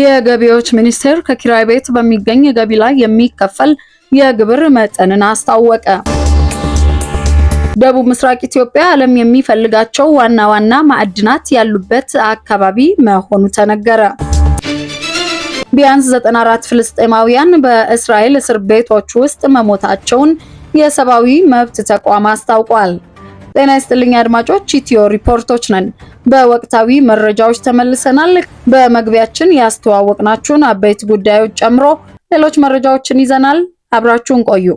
የገቢዎች ሚኒስቴር ከኪራይ ቤት በሚገኝ ገቢ ላይ የሚከፈል የግብር መጠንን አስታወቀ። ደቡብ ምስራቅ ኢትዮጵያ ዓለም የሚፈልጋቸው ዋና ዋና ማዕድናት ያሉበት አካባቢ መሆኑ ተነገረ። ቢያንስ 94 ፍልስጤማውያን በእስራኤል እስር ቤቶች ውስጥ መሞታቸውን የሰብአዊ መብት ተቋም አስታውቋል። ጤና ይስጥልኝ አድማጮች፣ ኢትዮ ሪፖርቶች ነን። በወቅታዊ መረጃዎች ተመልሰናል። በመግቢያችን ያስተዋወቅናችሁን አበይት ጉዳዮች ጨምሮ ሌሎች መረጃዎችን ይዘናል። አብራችሁን ቆዩ።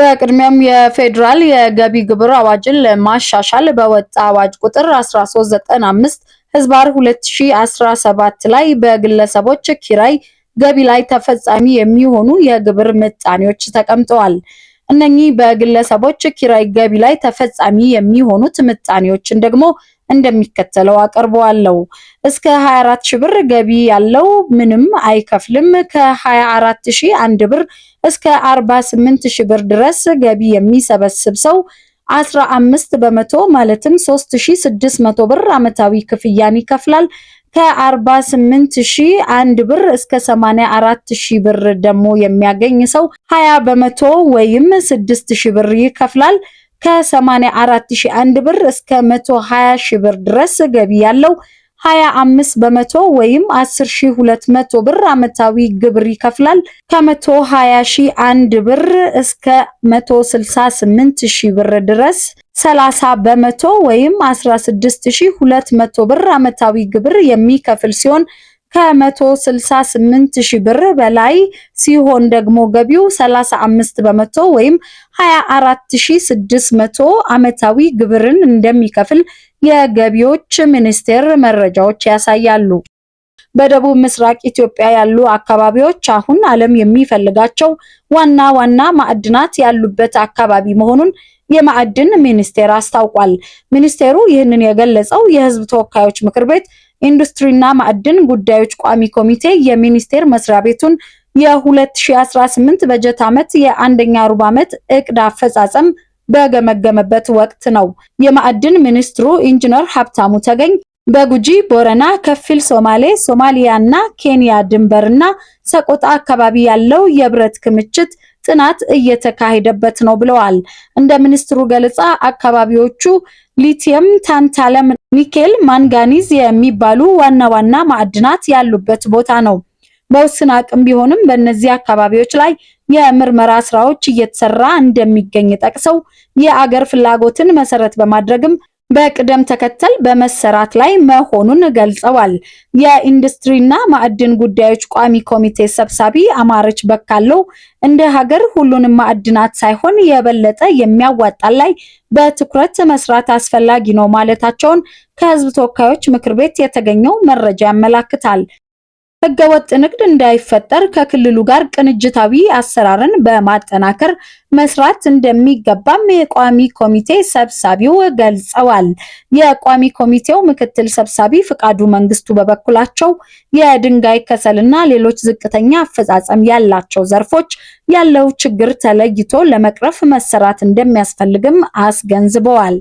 በቅድሚያም የፌዴራል የገቢ ግብር አዋጅን ለማሻሻል በወጣ አዋጅ ቁጥር 1395 ህዝባር 2017 ላይ በግለሰቦች ኪራይ ገቢ ላይ ተፈጻሚ የሚሆኑ የግብር ምጣኔዎች ተቀምጠዋል። እነኚህ በግለሰቦች ኪራይ ገቢ ላይ ተፈጻሚ የሚሆኑት ምጣኔዎችን ደግሞ እንደሚከተለው አቀርበዋለሁ። እስከ 24 ሺህ ብር ገቢ ያለው ምንም አይከፍልም። ከ24 ሺህ አንድ ብር እስከ 48 ሺህ ብር ድረስ ገቢ የሚሰበስብ ሰው 15 በመቶ ማለትም 3600 ብር ዓመታዊ ክፍያን ይከፍላል። ከ48 ሺህ አንድ ብር እስከ 84 ሺህ ብር ደግሞ የሚያገኝ ሰው 20 በመቶ ወይም 6 ሺህ ብር ይከፍላል። ከ84 ሺህ አንድ ብር እስከ 120 ሺህ ብር ድረስ ገቢ ያለው አምስት በመቶ ወይም ሺ2 መቶ ብር አመታዊ ግብር ይከፍላል ከመቶ ሺ አንድ ብር እስከ መቶ ሺ ብር ድረስ ሰላሳ በመቶ ወይም ሺ መቶ ብር አመታዊ ግብር የሚከፍል ሲሆን ከ ስምንት ሺህ ብር በላይ ሲሆን ደግሞ ገቢው 35 በመቶ ወይም መቶ ዓመታዊ ግብርን እንደሚከፍል የገቢዎች ሚኒስቴር መረጃዎች ያሳያሉ። በደቡብ ምስራቅ ኢትዮጵያ ያሉ አካባቢዎች አሁን ዓለም የሚፈልጋቸው ዋና ዋና ማዕድናት ያሉበት አካባቢ መሆኑን የማዕድን ሚኒስቴር አስታውቋል። ሚኒስቴሩ ይህንን የገለጸው የሕዝብ ተወካዮች ምክር ቤት ኢንዱስትሪና ማዕድን ጉዳዮች ቋሚ ኮሚቴ የሚኒስቴር መስሪያ ቤቱን የ2018 በጀት ዓመት የአንደኛ ሩብ ዓመት እቅድ አፈጻጸም በገመገመበት ወቅት ነው። የማዕድን ሚኒስትሩ ኢንጂነር ሀብታሙ ተገኝ በጉጂ ቦረና፣ ከፊል ሶማሌ፣ ሶማሊያ እና ኬንያ ድንበርና ሰቆጣ አካባቢ ያለው የብረት ክምችት ጥናት እየተካሄደበት ነው ብለዋል። እንደ ሚኒስትሩ ገለጻ አካባቢዎቹ ሊቲየም፣ ታንታለም፣ ኒኬል፣ ማንጋኒዝ የሚባሉ ዋና ዋና ማዕድናት ያሉበት ቦታ ነው። በውስን አቅም ቢሆንም በእነዚህ አካባቢዎች ላይ የምርመራ ስራዎች እየተሰራ እንደሚገኝ ጠቅሰው የአገር ፍላጎትን መሰረት በማድረግም በቅደም ተከተል በመሰራት ላይ መሆኑን ገልጸዋል። የኢንዱስትሪና ማዕድን ጉዳዮች ቋሚ ኮሚቴ ሰብሳቢ አማረች በካለው እንደ ሀገር ሁሉንም ማዕድናት ሳይሆን የበለጠ የሚያዋጣ ላይ በትኩረት መስራት አስፈላጊ ነው ማለታቸውን ከሕዝብ ተወካዮች ምክር ቤት የተገኘው መረጃ ያመላክታል። ህገወጥ ንግድ እንዳይፈጠር ከክልሉ ጋር ቅንጅታዊ አሰራርን በማጠናከር መስራት እንደሚገባም የቋሚ ኮሚቴ ሰብሳቢው ገልጸዋል። የቋሚ ኮሚቴው ምክትል ሰብሳቢ ፍቃዱ መንግስቱ በበኩላቸው የድንጋይ ከሰልና ሌሎች ዝቅተኛ አፈጻጸም ያላቸው ዘርፎች ያለው ችግር ተለይቶ ለመቅረፍ መሰራት እንደሚያስፈልግም አስገንዝበዋል።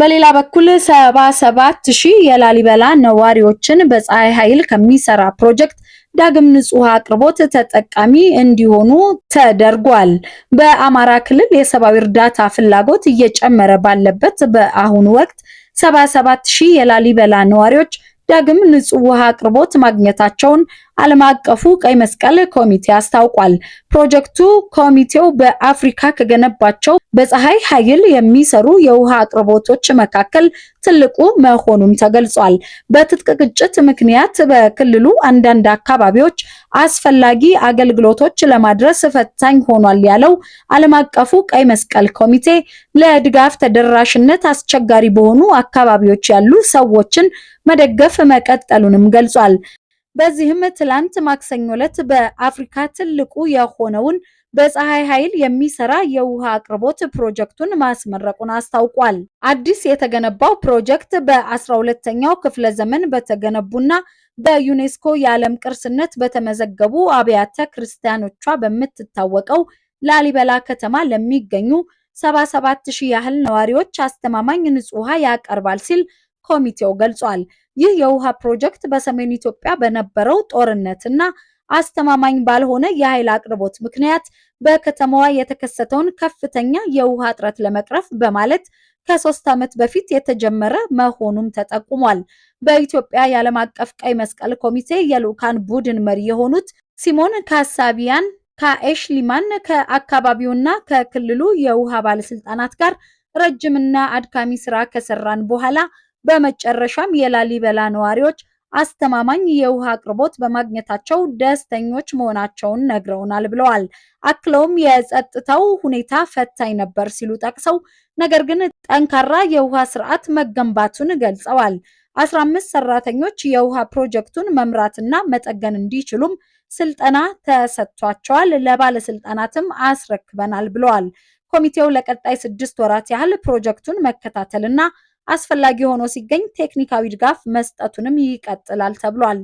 በሌላ በኩል ሰባ ሰባት ሺህ የላሊበላ ነዋሪዎችን በፀሐይ ኃይል ከሚሰራ ፕሮጀክት ዳግም ንጹህ አቅርቦት ተጠቃሚ እንዲሆኑ ተደርጓል። በአማራ ክልል የሰብአዊ እርዳታ ፍላጎት እየጨመረ ባለበት በአሁኑ ወቅት ሰባ ሰባት ሺህ የላሊበላ ነዋሪዎች ዳግም ንጹህ ውሃ አቅርቦት ማግኘታቸውን ዓለም አቀፉ ቀይ መስቀል ኮሚቴ አስታውቋል። ፕሮጀክቱ ኮሚቴው በአፍሪካ ከገነባቸው በፀሐይ ኃይል የሚሰሩ የውሃ አቅርቦቶች መካከል ትልቁ መሆኑም ተገልጿል። በትጥቅ ግጭት ምክንያት በክልሉ አንዳንድ አካባቢዎች አስፈላጊ አገልግሎቶች ለማድረስ ፈታኝ ሆኗል ያለው ዓለም አቀፉ ቀይ መስቀል ኮሚቴ ለድጋፍ ተደራሽነት አስቸጋሪ በሆኑ አካባቢዎች ያሉ ሰዎችን መደገፍ መቀጠሉንም ገልጿል። በዚህም ትላንት ማክሰኞ ዕለት በአፍሪካ ትልቁ የሆነውን በፀሐይ ኃይል የሚሰራ የውሃ አቅርቦት ፕሮጀክቱን ማስመረቁን አስታውቋል። አዲስ የተገነባው ፕሮጀክት በ12ኛው ክፍለ ዘመን በተገነቡና በዩኔስኮ የዓለም ቅርስነት በተመዘገቡ አብያተ ክርስቲያኖቿ በምትታወቀው ላሊበላ ከተማ ለሚገኙ 77 ሺህ ያህል ነዋሪዎች አስተማማኝ ንጹህ ውሃ ያቀርባል ሲል ኮሚቴው ገልጿል። ይህ የውሃ ፕሮጀክት በሰሜን ኢትዮጵያ በነበረው ጦርነት እና አስተማማኝ ባልሆነ የኃይል አቅርቦት ምክንያት በከተማዋ የተከሰተውን ከፍተኛ የውሃ እጥረት ለመቅረፍ በማለት ከሶስት ዓመት በፊት የተጀመረ መሆኑም ተጠቁሟል። በኢትዮጵያ የዓለም አቀፍ ቀይ መስቀል ኮሚቴ የልዑካን ቡድን መሪ የሆኑት ሲሞን ካሳቢያን ከኤሽሊማን ከአካባቢውና ከክልሉ የውሃ ባለስልጣናት ጋር ረጅምና አድካሚ ስራ ከሰራን በኋላ በመጨረሻም የላሊበላ ነዋሪዎች አስተማማኝ የውሃ አቅርቦት በማግኘታቸው ደስተኞች መሆናቸውን ነግረውናል ብለዋል። አክለውም የጸጥታው ሁኔታ ፈታኝ ነበር ሲሉ ጠቅሰው ነገር ግን ጠንካራ የውሃ ስርዓት መገንባቱን ገልጸዋል። አስራ አምስት ሰራተኞች የውሃ ፕሮጀክቱን መምራትና መጠገን እንዲችሉም ስልጠና ተሰጥቷቸዋል፣ ለባለስልጣናትም አስረክበናል ብለዋል። ኮሚቴው ለቀጣይ ስድስት ወራት ያህል ፕሮጀክቱን መከታተልና አስፈላጊ ሆኖ ሲገኝ ቴክኒካዊ ድጋፍ መስጠቱንም ይቀጥላል ተብሏል።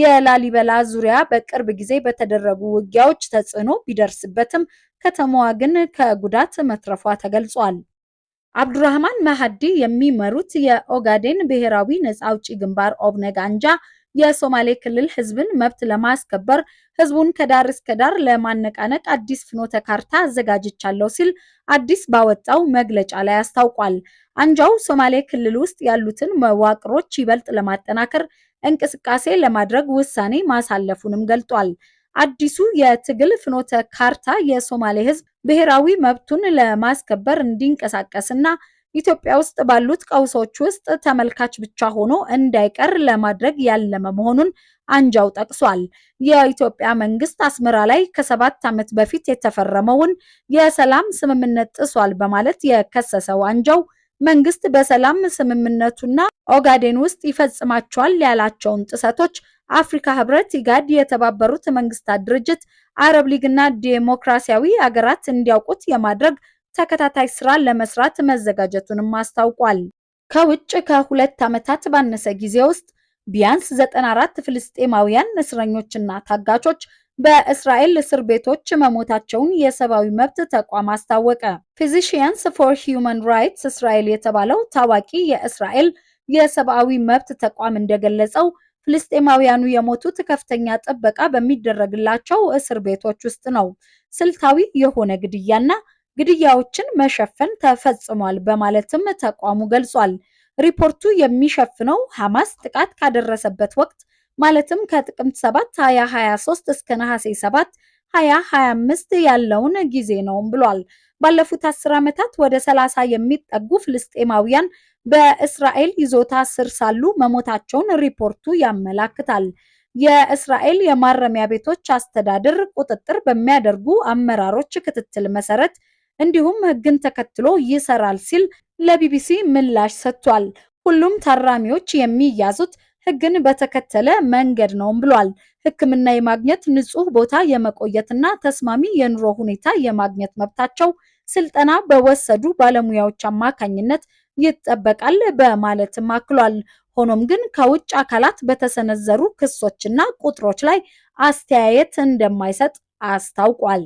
የላሊበላ ዙሪያ በቅርብ ጊዜ በተደረጉ ውጊያዎች ተጽዕኖ ቢደርስበትም ከተማዋ ግን ከጉዳት መትረፏ ተገልጿል። አብዱራህማን ማሃዲ የሚመሩት የኦጋዴን ብሔራዊ ነፃ አውጪ ግንባር ኦብነግ አንጃ የሶማሌ ክልል ህዝብን መብት ለማስከበር ህዝቡን ከዳር እስከ ዳር ለማነቃነቅ አዲስ ፍኖተ ካርታ አዘጋጅቻለሁ ሲል አዲስ ባወጣው መግለጫ ላይ አስታውቋል። አንጃው ሶማሌ ክልል ውስጥ ያሉትን መዋቅሮች ይበልጥ ለማጠናከር እንቅስቃሴ ለማድረግ ውሳኔ ማሳለፉንም ገልጧል። አዲሱ የትግል ፍኖተ ካርታ የሶማሌ ህዝብ ብሔራዊ መብቱን ለማስከበር እንዲንቀሳቀስና ኢትዮጵያ ውስጥ ባሉት ቀውሶች ውስጥ ተመልካች ብቻ ሆኖ እንዳይቀር ለማድረግ ያለመ መሆኑን አንጃው ጠቅሷል። የኢትዮጵያ መንግስት አስመራ ላይ ከሰባት ዓመት በፊት የተፈረመውን የሰላም ስምምነት ጥሷል በማለት የከሰሰው አንጃው መንግስት በሰላም ስምምነቱና ኦጋዴን ውስጥ ይፈጽማቸዋል ያላቸውን ጥሰቶች አፍሪካ ህብረት፣ ኢጋድ፣ የተባበሩት መንግስታት ድርጅት፣ አረብ ሊግና ዲሞክራሲያዊ አገራት እንዲያውቁት የማድረግ ተከታታይ ስራ ለመስራት መዘጋጀቱንም አስታውቋል። ከውጭ ከሁለት ዓመታት ባነሰ ጊዜ ውስጥ ቢያንስ 94 ፍልስጤማውያን እስረኞችና ታጋቾች በእስራኤል እስር ቤቶች መሞታቸውን የሰብአዊ መብት ተቋም አስታወቀ። ፊዚሽያንስ ፎር ሂዩማን ራይትስ እስራኤል የተባለው ታዋቂ የእስራኤል የሰብአዊ መብት ተቋም እንደገለጸው ፍልስጤማውያኑ የሞቱት ከፍተኛ ጥበቃ በሚደረግላቸው እስር ቤቶች ውስጥ ነው። ስልታዊ የሆነ ግድያና ግድያዎችን መሸፈን ተፈጽሟል በማለትም ተቋሙ ገልጿል። ሪፖርቱ የሚሸፍነው ሐማስ ጥቃት ካደረሰበት ወቅት ማለትም ከጥቅምት 7 2023 እስከ ነሐሴ 7 2025 ያለውን ጊዜ ነውም ብሏል። ባለፉት አስር ዓመታት ወደ 30 የሚጠጉ ፍልስጤማውያን በእስራኤል ይዞታ ስር ሳሉ መሞታቸውን ሪፖርቱ ያመላክታል። የእስራኤል የማረሚያ ቤቶች አስተዳደር ቁጥጥር በሚያደርጉ አመራሮች ክትትል መሰረት እንዲሁም ህግን ተከትሎ ይሰራል ሲል ለቢቢሲ ምላሽ ሰጥቷል። ሁሉም ታራሚዎች የሚያዙት ህግን በተከተለ መንገድ ነውም ብሏል። ህክምና የማግኘት ንጹህ ቦታ የመቆየትና ተስማሚ የኑሮ ሁኔታ የማግኘት መብታቸው ስልጠና በወሰዱ ባለሙያዎች አማካኝነት ይጠበቃል በማለትም አክሏል። ሆኖም ግን ከውጭ አካላት በተሰነዘሩ ክሶችና ቁጥሮች ላይ አስተያየት እንደማይሰጥ አስታውቋል።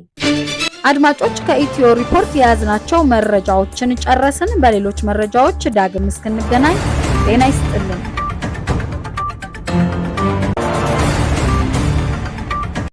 አድማጮች ከኢትዮ ሪፖርት የያዝናቸው መረጃዎችን ጨረስን። በሌሎች መረጃዎች ዳግም እስክንገናኝ ጤና ይስጥልን።